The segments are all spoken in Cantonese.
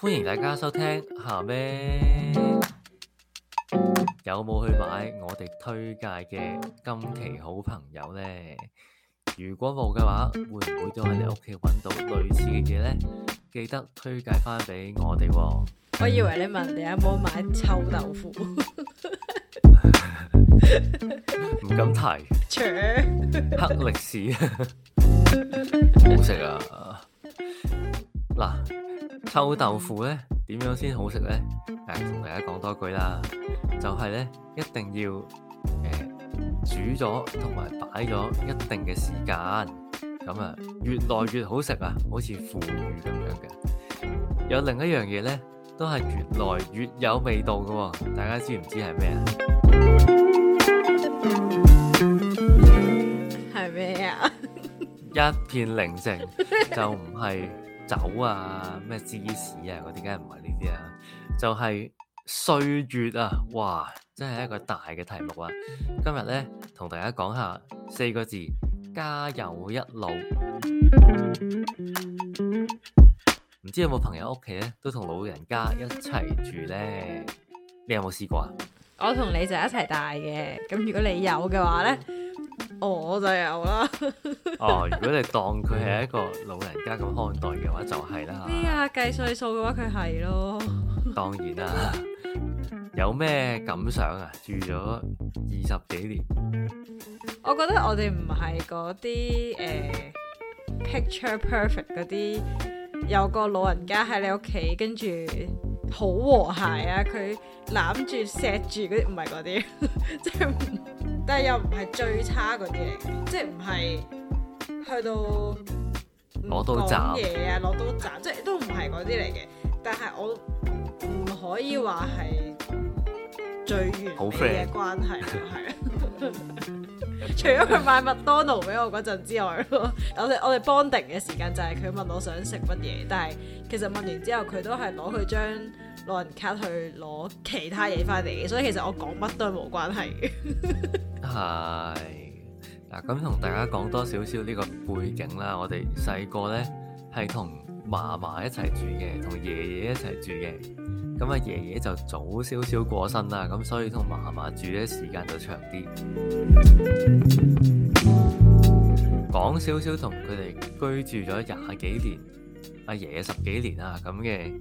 歡迎大家收聽。下咩？有冇去買我哋推介嘅今期好朋友咧？如果冇嘅話，會唔會都喺你屋企揾到類似嘅嘢咧？記得推介翻俾我哋。我以為你問你有冇買臭豆腐，唔敢提黑歷史，好食啊！嗱。臭豆腐呢，點樣先好食呢？誒，同大家講多句啦，就係呢，一定要誒煮咗同埋擺咗一定嘅時間，咁啊，越來越好食啊，好似腐乳咁樣嘅。有另一樣嘢呢，都係越來越有味道嘅喎，大家知唔知係咩啊？係咩啊？一片寧靜就唔係。酒啊，咩芝士啊，嗰啲梗係唔係呢啲啊，就係、是、歲月啊，哇，真係一個大嘅題目啊！今日呢，同大家講下四個字，家有一老。唔知有冇朋友屋企咧都同老人家一齊住呢？你有冇試過啊？我同你就一齊大嘅，咁如果你有嘅話呢？我就有啦。 哦，如果你當佢係一個老人家咁看待嘅話，就係啦。哎呀，計歲數嘅話，佢係咯。 當然啦，有咩感想啊？住咗二十幾年，我覺得我哋唔係嗰啲誒 picture perfect 嗰啲，有個老人家喺你屋企，跟住好和諧啊！佢攬住錫住嗰啲，唔係嗰啲，即係。 就是但係又唔係最差嗰啲嚟嘅，即係唔係去到攞到嘢啊，攞到雜，即係都唔係嗰啲嚟嘅。但係我唔可以話係最完美嘅關係，係啊。除咗佢買麥當勞俾我嗰陣之外， 我哋我哋 bonding 嘅時間就係佢問我想食乜嘢，但係其實問完之後佢都係攞佢張老人卡去攞其他嘢翻嚟嘅，所以其實我講乜都係冇關係嘅。係 嗱，咁同大家講多少少呢個背景啦。我哋細個咧，係同嫲嫲一齊住嘅，同爺爺一齊住嘅。咁啊，爺爺就早少少過身啦，咁所以同嫲嫲住嘅時間就長啲。講少少同佢哋居住咗廿幾年，阿爺爺十幾年啊咁嘅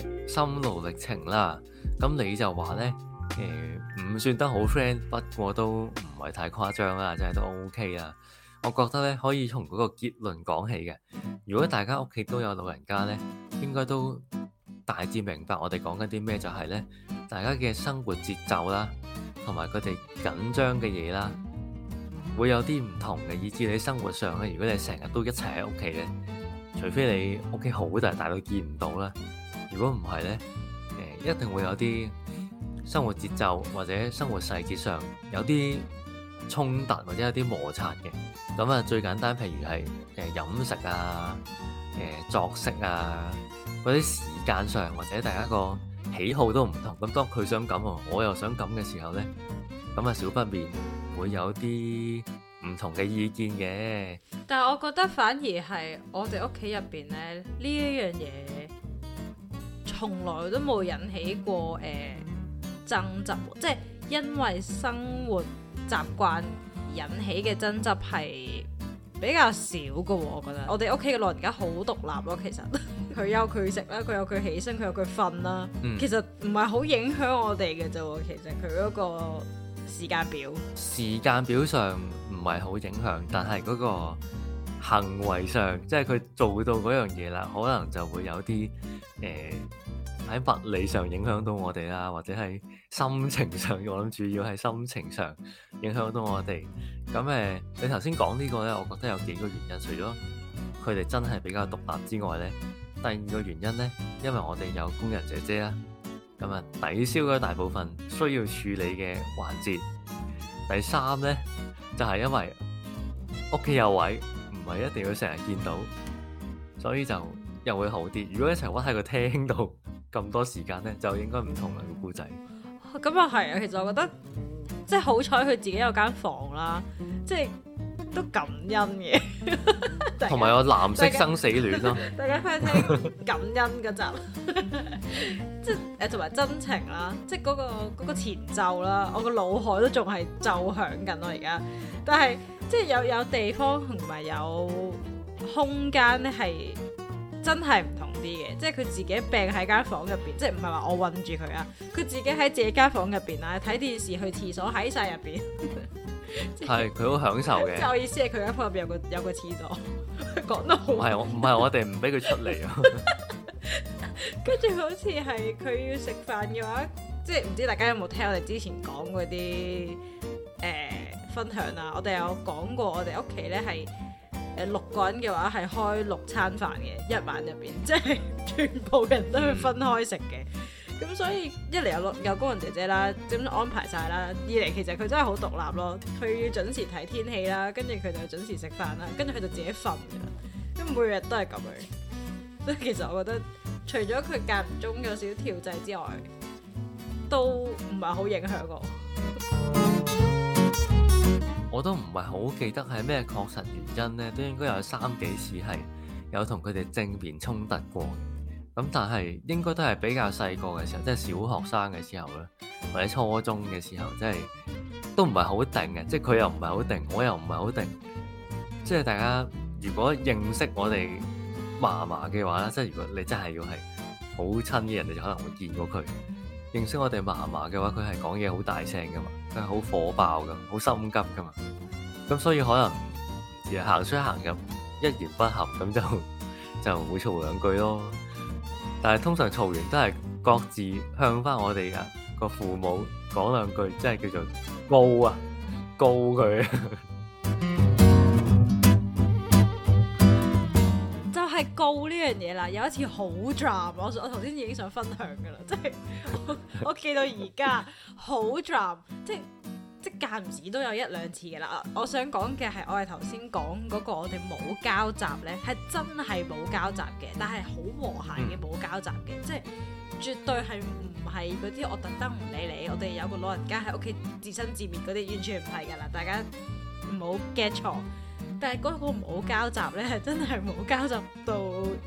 誒。心路歷程啦，咁你就話呢，誒、呃、唔算得好 friend，不過都唔係太誇張啦，真係都 OK 啦。我覺得呢，可以從嗰個結論講起嘅。如果大家屋企都有老人家呢，應該都大致明白我哋講緊啲咩，就係呢，大家嘅生活節奏啦，同埋佢哋緊張嘅嘢啦，會有啲唔同嘅，以致你生活上呢，如果你成日都一齊喺屋企呢，除非你屋企好大，大到見唔到啦。如果唔係咧，誒、呃，一定會有啲生活節奏或者生活細節上有啲衝突或者有啲摩擦嘅。咁啊，最簡單，譬如係誒、呃、飲食啊，誒、呃、作息啊，嗰啲時間上或者大家個喜好都唔同。咁當佢想咁，我又想咁嘅時候咧，咁啊，少不免會有啲唔同嘅意見嘅。但係我覺得反而係我哋屋企入邊咧，呢一樣嘢。從來都冇引起過誒、呃、爭執，即係因為生活習慣引起嘅爭執係比較少噶。我覺得我哋屋企嘅老人家好獨立咯。其實佢有佢食啦，佢有佢起身，佢有佢瞓啦。其實唔係好影響我哋嘅啫。其實佢嗰個時間表，時間表上唔係好影響，但係嗰個。行為上，即係佢做到嗰樣嘢啦，可能就會有啲誒喺物理上影響到我哋啦，或者係心情上，我諗主要係心情上影響到我哋。咁誒、呃，你頭先講呢個呢，我覺得有幾個原因，除咗佢哋真係比較獨立之外呢，第二個原因呢，因為我哋有工人姐姐啦，咁、嗯、啊，抵消咗大部分需要處理嘅環節。第三呢，就係、是、因為屋企有位。唔係一定要成日見到，所以就又會好啲。如果一齊屈喺個廳度咁多時間咧，就應該唔同啦，個故仔。咁又係啊！其實我覺得即係好彩佢自己有間房啦，即係都感恩嘅。同埋有藍色生死戀啦，大家翻聽，聽感恩嗰集， 即係誒同埋真情啦，即係、嗰、嗰、個嗰個前奏啦，我個腦海都仲係奏響緊咯、啊，而家但係。即係有有地方同埋有空間咧，係真係唔同啲嘅。即係佢自己病喺間房入邊，即係唔係話我韫住佢啊，佢自己喺自己間房入邊啊，睇電視、去廁所，喺晒入邊。係佢好享受嘅。即係我意思係佢間房入邊有個有個廁所，講 得很好笑。 唔係我唔係我哋唔俾佢出嚟啊。跟住好似係佢要食飯嘅話，即係唔知大家有冇聽我哋之前講嗰啲誒。欸分享啦，我哋有講過，我哋屋企咧係誒六個人嘅話係開六餐飯嘅一晚入邊，即係全部人都係分開食嘅。咁、嗯、所以一嚟有有工人姐姐啦，咁安排晒啦；二嚟其實佢真係好獨立咯，佢要準時睇天氣啦，跟住佢就準時食飯啦，跟住佢就自己瞓嘅，咁每日都係咁樣。所以其實我覺得，除咗佢間中有少少跳掣之外，都唔係好影響我。我都唔係好記得係咩確實原因呢，都應該有三幾次係有同佢哋正面衝突過。咁但係應該都係比較細個嘅時候，即係小學生嘅時候咧，或者初中嘅時候，即係都唔係好定嘅，即係佢又唔係好定，我又唔係好定。即係大家如果認識我哋嫲嫲嘅話咧，即係如果你真係要係好親嘅人，你就可能會見到佢。認識我哋嫲嫲嘅話，佢係講嘢好大聲㗎嘛，佢係好火爆㗎，好心急㗎嘛。咁所以可能行出行入一言不合咁就就會嘈兩句咯。但係通常嘈完都係各自向返我哋嘅個父母講兩句，即係叫做告啊，告佢。 呢樣，嘢啦，有一次好 dram，我我頭先已經想分享噶啦，即係我，我記到而家好 dram 即係即係間唔時都有一兩次噶啦。我想講嘅係，我係頭先講嗰個我哋冇交集咧，係真係冇交集嘅，但係好和諧嘅冇交集嘅，即係絕對係唔係嗰啲我特登唔理你。我哋有個老人家喺屋企自生自滅嗰啲，完全唔係噶啦，大家唔好 get 錯。但係嗰個冇交集咧，係真係冇交集到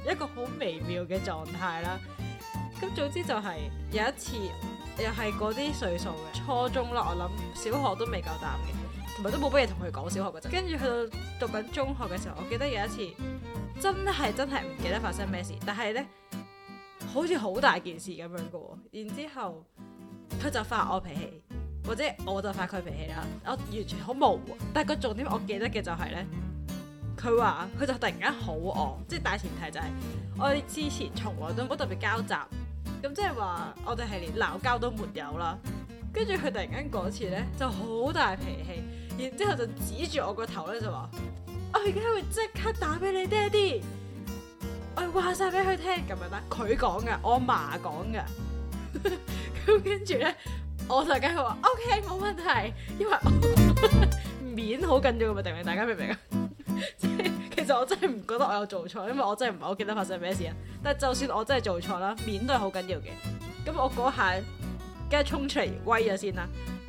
一個好微妙嘅狀態啦。咁總之就係、是、有一次，又係嗰啲歲數嘅初中啦。我諗小學都未夠膽嘅，同埋都冇乜嘢同佢講。小學嗰陣，跟住去到讀緊中學嘅時候，我記得有一次真係真係唔記得發生咩事，但係咧好似好大件事咁樣噶、哦。然之後佢就發我脾氣，或者我就發佢脾氣啦。我完全好模糊、啊，但係個重點，我記得嘅就係、是、咧。佢話佢就突然間好惡，即係大前提就係、是、我哋之前從來都冇特別交集，咁即係話我哋係連鬧交都沒有啦。跟住佢突然間嗰次咧就好大脾氣，然之後就指住我個頭咧就話：我而家會即刻打俾你爹哋。我話晒俾佢聽，咁樣啦佢講㗎，我阿嫲講㗎。咁跟住咧，我就跟佢話：O K 冇問題，因為我 面好緊要嘅嘛，定係大家明唔明啊？ 即係其實我真係唔覺得我有做錯，因為我真係唔係好記得發生咩事啊。但係就算我真係做錯啦，面都係好緊要嘅。咁我嗰下梗係衝出嚟威咗先啦。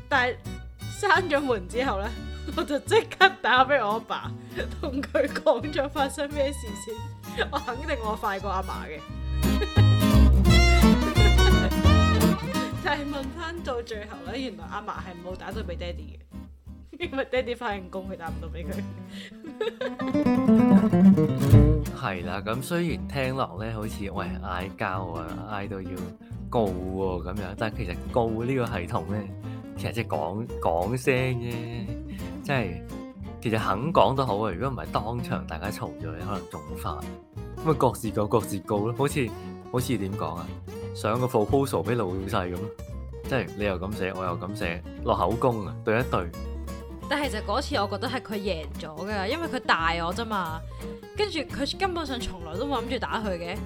但係閂咗門之後咧，我就即刻打俾我阿爸、爸，同佢講咗發生咩事先。我肯定我快過阿嫲嘅，但係問翻到最後咧，原來阿嫲係冇打咗俾爹哋嘅。因為爹哋翻人工，佢打唔到俾佢。係 啦，咁雖然聽落咧，好似喂，嗌交啊，嗌到要告喎咁樣，但其實告呢個系統咧，其實即係講講聲啫。即係其實肯講都好啊。如果唔係當場，大家嘈咗，你可能仲煩。咁咪各，各，各自告各自告咯。好似好似點講啊？上個 proposal 俾老細咁，即係你又咁寫，我又咁寫，落口供啊，對一對。但係就嗰次，我覺得係佢贏咗噶，因為佢大我啫嘛。跟住佢根本上從來都冇諗住打佢嘅，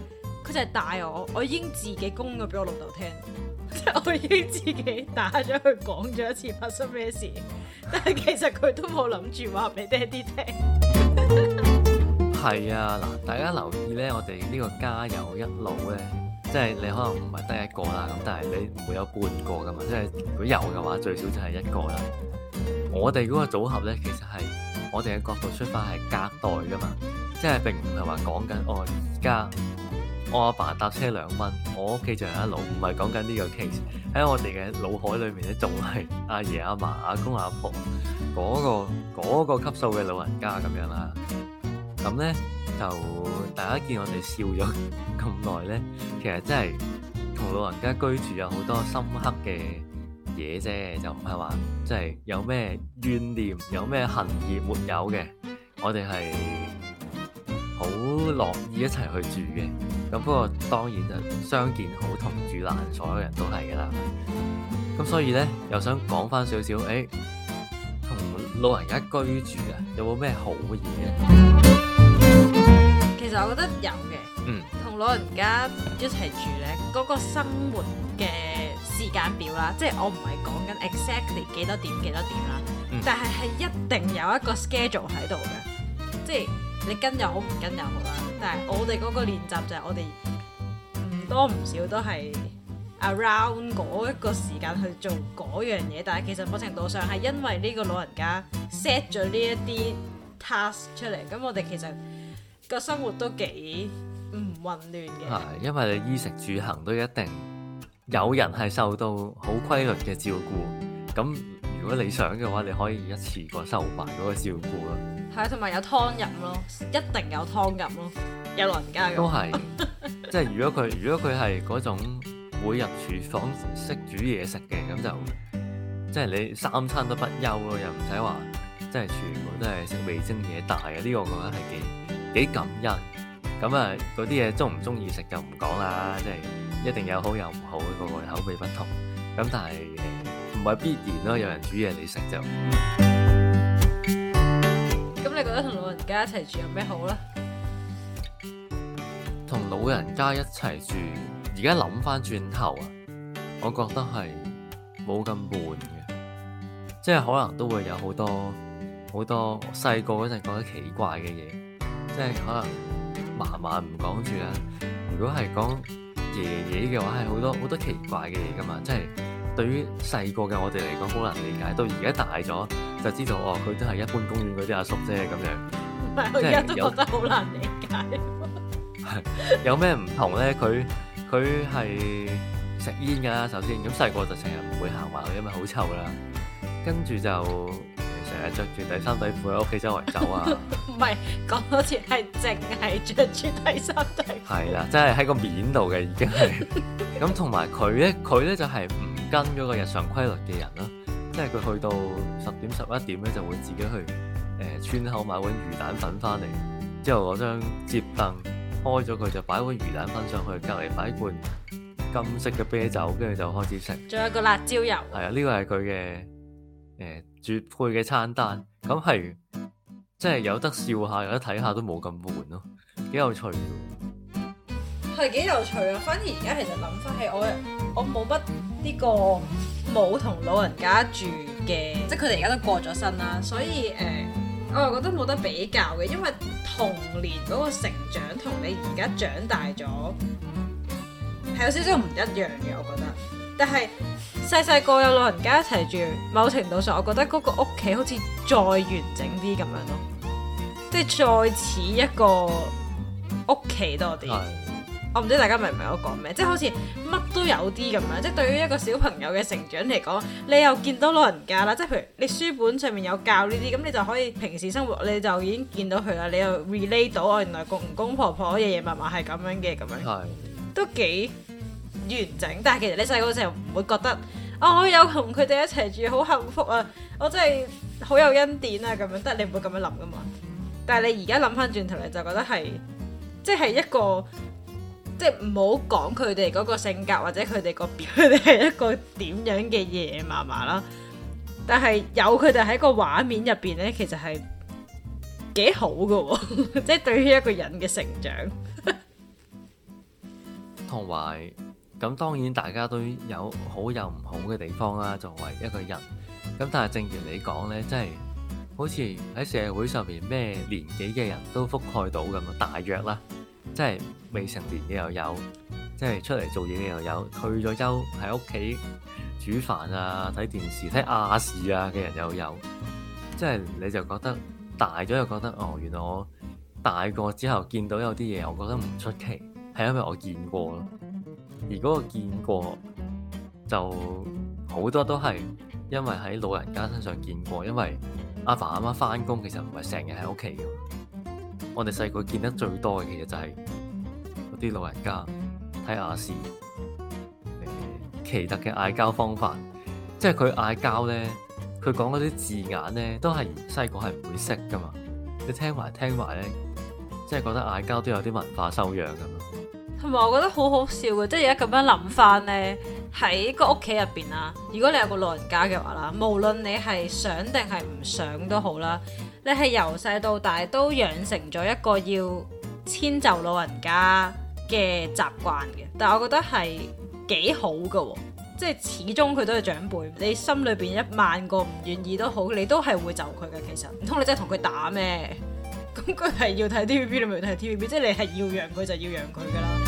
佢就係大我。我已經自己供咗俾我老豆聽，即係我已經自己打咗佢講咗一次發生咩事。但係其實佢都冇諗住話俾爹哋聽。係 啊，嗱，大家留意咧，我哋呢個家有一老咧，即係你可能唔係得一個啦，咁但係你唔會有半個噶嘛。即係如果有嘅話，最少就係一個啦。我哋嗰個組合呢，其實係我哋嘅角度出發係隔代噶嘛，即係並唔係話講緊我而家我阿爸搭車兩蚊，我屋企仲有一老，唔係講緊呢個 case。喺我哋嘅腦海裏面呢，仲係阿爺阿嫲阿公阿婆嗰個嗰個級數嘅老人家咁樣啦。咁呢，就大家見我哋笑咗咁耐呢，其實真係同老人家居住有好多深刻嘅嘢啫，就唔係話即係有咩怨念，有咩恨意沒有嘅。我哋係好樂意一齊去住嘅。咁不過當然就相見好同住難，所有人都係噶啦。咁所以呢，又想講翻少少，誒、哎，同老人家居住啊，有冇咩好嘢？其實我覺得有嘅。嗯。同老人家一齊住呢，嗰、嗰個生活嘅。時間表啦，即係我唔係講緊 exactly 幾多點幾多點啦，嗯、但係係一定有一個 schedule 喺度嘅，即係你跟又好唔跟又好啦。但係我哋嗰個練習就係我哋唔多唔少都係 around 嗰一個時間去做嗰樣嘢，但係其實某程度上係因為呢個老人家 set 咗呢一啲 task 出嚟，咁我哋其實個生活都幾唔混亂嘅。係，因為你衣食住行都一定。有人係受到好規律嘅照顧，咁如果你想嘅話，你可以一次過收埋嗰個照顧咯。係啊，同埋有湯飲咯，一定有湯飲咯，有老人家咁。 都係，即係如果佢如果佢係嗰種會入廚房識煮嘢食嘅，咁就即係你三餐都不憂咯，又唔使話即係全部都係食味精嘢大嘅，呢、呢個我覺得係幾幾感恩。咁啊，嗰啲嘢中唔中意食就唔講啦，即係。一定有好有唔好，個個口味不同。咁但係唔係必然咯，有人煮嘢你食就。咁、嗯、你覺得同老人家一齊住有咩好咧？同老人家一齊住，而家諗翻轉頭啊，我覺得係冇咁悶嘅，即係可能都會有好多好多細個嗰陣覺得奇怪嘅嘢，即係可能麻麻唔講住啦。如果係講。爺爺嘅話係好多好多奇怪嘅嘢噶嘛，即係對於細個嘅我哋嚟講好難理解，到而家大咗就知道哦，佢都係一般公園嗰啲阿叔啫咁樣。唔係，即係有，我而家都覺得好難理解啊。 有咩唔同咧？佢佢係食煙噶啦，首先咁細個就成日唔會行埋去，因為好臭啦。跟住就。誒，着住底衫底褲喺屋企周圍走啊？唔係，講到似係淨係着住底衫底褲。係啦，即係喺個面度嘅，已經係。咁同埋佢咧，佢咧就係唔跟嗰個日常規律嘅人啦。即係佢去到十點十一點咧，就會自己去誒村口買碗魚蛋粉翻嚟。之後攞張折凳開咗佢，就擺碗魚蛋粉上去，隔籬擺罐金色嘅啤酒，跟住就開始食。仲有個辣椒油。係啊，呢個係佢嘅誒。絕配嘅餐單，咁係即係有得笑下，有得睇下都，都冇咁悶咯，幾有趣嘅。係幾有趣啊！反而而家其實諗翻起我，我冇乜呢個冇同老人家住嘅，即係佢哋而家都過咗身啦。所以誒、呃，我就覺得冇得比較嘅，因為童年嗰個成長同你而家長大咗係有少少唔一樣嘅，我覺得。但係。細細個有老人家一齊住，某程度上我覺得嗰個屋企好似再完整啲咁樣咯，即係再似一個屋企多啲。我唔知大家明唔明我講咩，即係好似乜都有啲咁樣。即係對於一個小朋友嘅成長嚟講，你又見到老人家啦，即係譬如你書本上面有教呢啲，咁你就可以平時生活你就已經見到佢啦。你又 relate 到我，原來公公婆婆爺爺嫲嫲係咁樣嘅，咁樣都幾完整。但係其實你細個嘅時候唔會覺得。我、哦、有同佢哋一齊住，好幸福啊！我真係好有恩典啊！咁樣，得係你唔會咁樣諗噶嘛？但係你而家諗翻轉頭，你就覺得係，即、就、係、是、一個，即係唔好講佢哋嗰個性格或者佢哋個表，佢哋係一個點樣嘅爺爺嫲嫲啦。但係有佢哋喺個畫面入邊咧，其實係幾好噶、啊，即 係對於一個人嘅成長同埋。 咁當然大家都有好有唔好嘅地方啦，作為一個人。咁但係正如你講呢，即係好似喺社會上面咩年紀嘅人都覆蓋到咁啊，大約啦，即係未成年嘅又有，即係出嚟做嘢嘅又有，退咗休喺屋企煮飯啊、睇電視、睇亞視啊嘅人又有，即係你就覺得大咗又覺得哦，原來我大個之後見到有啲嘢，我覺得唔出奇，係因為我見過咯。如果我見過就好多都係因為喺老人家身上見過，因為阿爸阿媽翻工，其實唔係成日喺屋企嘅。我哋細個見得最多嘅其實就係嗰啲老人家睇亞視，奇特嘅嗌交方法，即係佢嗌交咧，佢講嗰啲字眼咧，都係細個係唔會識噶嘛。你聽埋聽埋咧，即係覺得嗌交都有啲文化修養咁啊！同埋我覺得好好笑嘅，即係而家咁樣諗翻呢，喺個屋企入邊啦，如果你有個老人家嘅話啦，無論你係想定係唔想都好啦，你係由細到大都養成咗一個要遷就老人家嘅習慣嘅。但我覺得係幾好嘅，即係始終佢都係長輩，你心裏邊一萬個唔願意都好，你都係會就佢嘅。其實唔通你真係同佢打咩？咁佢係要睇 TVB，你咪睇 TVB。即係你係要讓佢就要讓佢噶啦。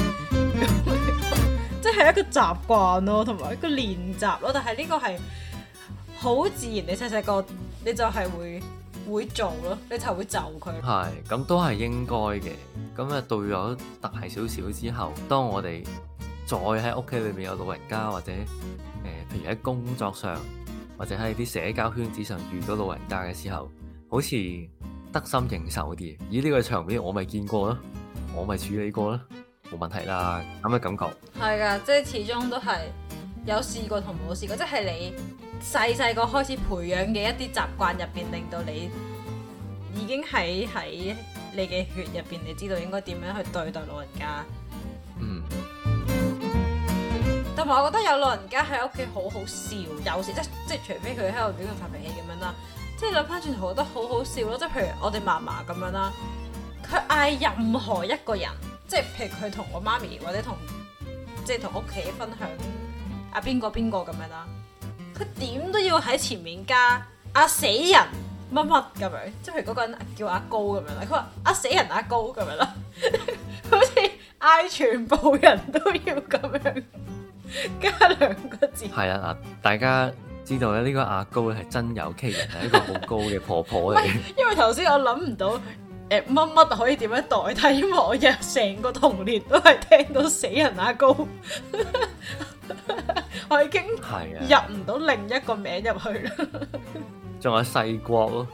即係 一個習慣咯，同埋一個練習咯。但係呢個係好自然，你細細個你就係會會做咯，你就會就佢。係咁都係應該嘅。咁啊，到咗大少少之後，當我哋再喺屋企裏面有老人家，或者誒、呃，譬如喺工作上或者喺啲社交圈子上遇到老人家嘅時候，好似得心應手啲。咦，呢、這個場面我咪見過咯，我咪處理過咯。冇問題啦，咁嘅感覺係噶，即係始終都係有試過同冇試過，即係你細細個開始培養嘅一啲習慣入邊，令到你已經喺喺你嘅血入邊，你知道應該點樣去對待老人家。嗯。同埋我覺得有老人家喺屋企好好笑，有時即即係除非佢喺度亂咁發脾氣咁樣啦，即係諗翻轉頭覺得好好笑咯。即係譬如我哋嫲嫲咁樣啦，佢嗌任何一個人。即係譬如佢同我媽咪或者同即係同屋企分享阿邊個邊個咁樣啦，佢點都要喺前面加阿、啊、死人乜乜咁樣，即係譬如嗰個人叫阿高咁樣啦，佢話阿死人阿高咁樣啦， 好似嗌全部人都要咁樣加兩個字。係啊，大家知道咧，呢個阿高咧係真有其人，係 一個好高嘅婆婆嚟嘅，因為頭先我諗唔到。 誒，乜乜可以點樣代替？因為我日成個童年都係聽到死人阿公， 我已經入唔到另一個名入去啦 仲 有細郭咯，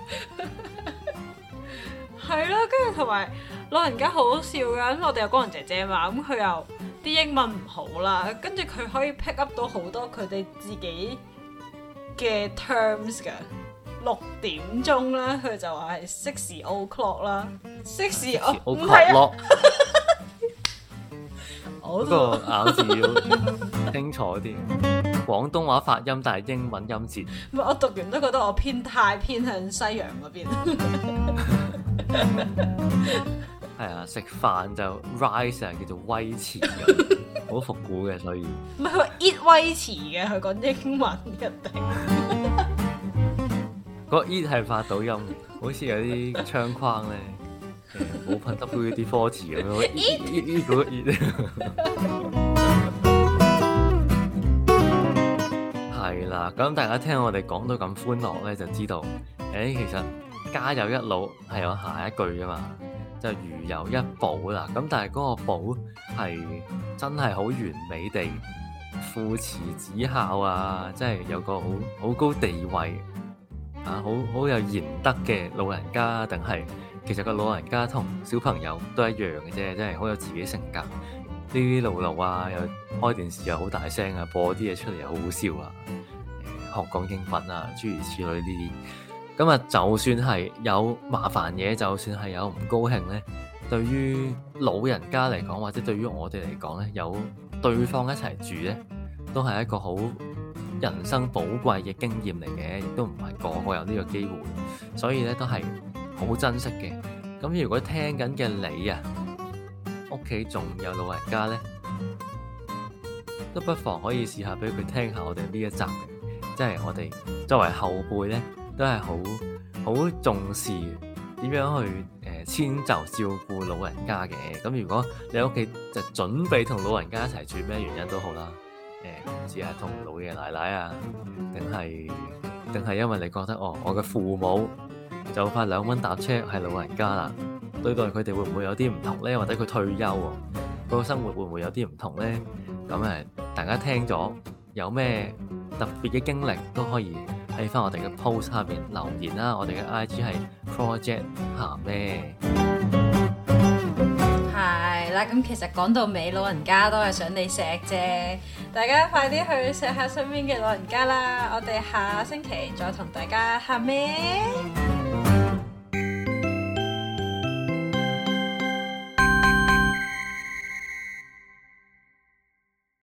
係咯，跟住同埋老人家好好笑㗎。咁我哋有工人姐姐嘛，咁佢又啲英文唔好啦，跟住佢可以 pick up 到好多佢哋自己嘅 terms 㗎。六點鐘啦，佢就話係 six o'clock 啦，six o'clock 唔係啊。嗰個咬字要清楚啲，廣東話發音但係英文音節。唔係，我讀完都覺得我偏太偏向西洋嗰邊。係啊，食飯就 rice 叫做威馳，好 復古嘅所以。唔係，佢話 eat 威馳嘅，佢講英文一定。個 E 係發抖音 好似有啲窗框咧，冇、欸、噴 WD-40 咁樣 ，E E 嗰個 E，係啦。咁 大家聽我哋講到咁歡樂咧，就知道，誒、欸、其實家有一老係有下一句噶嘛，就如有一寶啦。咁但係嗰個寶係真係好完美地父慈子孝啊，即係有個好好高地位。啊，好好有賢德嘅老人家，定係其實個老人家同小朋友都一樣嘅啫，真係好有自己性格。呢啲老劉啊，又開電視又好大聲啊，播啲嘢出嚟又好笑啊，學講英文啊，諸如此類呢啲。咁啊，就算係有麻煩嘢，就算係有唔高興呢，對於老人家嚟講，或者對於我哋嚟講呢，有對方一齊住呢，都係一個好人生寶貴嘅經驗嚟嘅，亦都唔係個個有呢個機會，所以咧都係好珍惜嘅。咁如果聽緊嘅你啊，屋企仲有老人家咧，都不妨可以試下俾佢聽下我哋呢一集嘅，即係我哋作為後輩咧，都係好好重視點樣去誒遷就照顧老人家嘅。咁如果你屋企就準備同老人家一齊住，咩原因都好啦。誒，唔知啊同老爺奶奶啊，定係定係，因為你覺得哦，我嘅父母就快兩蚊搭車係老人家啦，對待佢哋會唔會有啲唔同咧？或者佢退休，啊，嗰個生活會唔會有啲唔同咧？咁、嗯、誒，大家聽咗有咩特別嘅經歷都可以喺翻我哋嘅 post 下邊留言啦，啊。我哋嘅 I G 係 project 鹹咩？咁其實講到尾，老人家都係想你錫啫，大家快啲去錫下身邊嘅老人家啦！我哋下星期再同大家喊咩～